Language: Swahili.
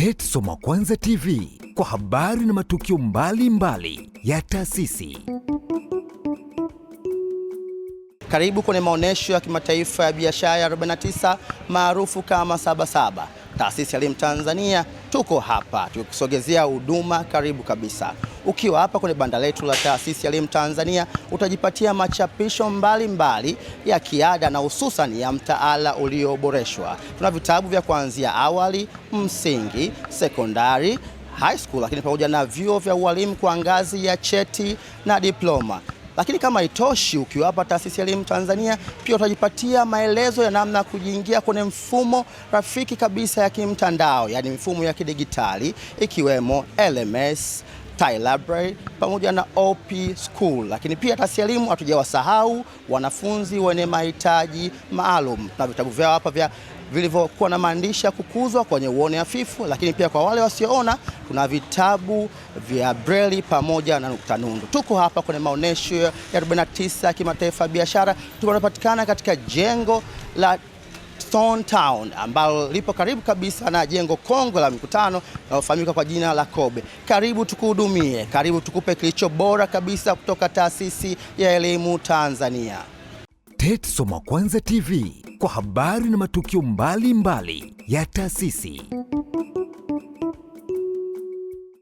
TET Soma Kwanza TV kwa habari na matukio mbalimbali mbali ya taasisi. Karibu kwenye maonyesho ya kimataifa ya biashara ya 49 maarufu kama Sabasaba. Taasisi ya Elimu Tanzania tuko hapa tukisogezea huduma karibu kabisa. Ukiwa hapa kwenye banda letu la taasisi ya elimu Tanzania utajipatia machapisho mbalimbali mbali ya kiada na hususan ya mtaala ulioboreshwa. Tuna vitabu vya kuanzia awali, msingi, sekondari high school lakini pamoja na vyuo vya ualimu kwa ngazi ya cheti na diploma. Lakini kama itoshi, ukiwa hapa taasisi ya elimu Tanzania pia utajipatia maelezo ya namna ya kujiingia kwenye mfumo rafiki kabisa ya kimtandao, yaani mifumo ya kidigitali ikiwemo LMS Thai Library pamoja na OP School, lakini pia taasisi ya elimu hatujawasahau wanafunzi wenye mahitaji maalum na vitabu vyao hapa vya vilivyokuwa na maandishi ya kukuzwa kwenye uone hafifu, lakini pia kwa wale wasioona tuna vitabu vya breli pamoja na nukta nundu. Tuko hapa kwenye maonyesho ya 49 ya kimataifa ya biashara tunapatikana katika jengo la Stone Town ambalo lipo karibu kabisa na jengo kongwe la mikutano linalofahamika kwa jina la Kobe. Karibu tukuhudumie, karibu tukupe kilicho bora kabisa kutoka taasisi ya elimu Tanzania. TET Soma Kwanza TV kwa habari na matukio mbalimbali mbali ya taasisi.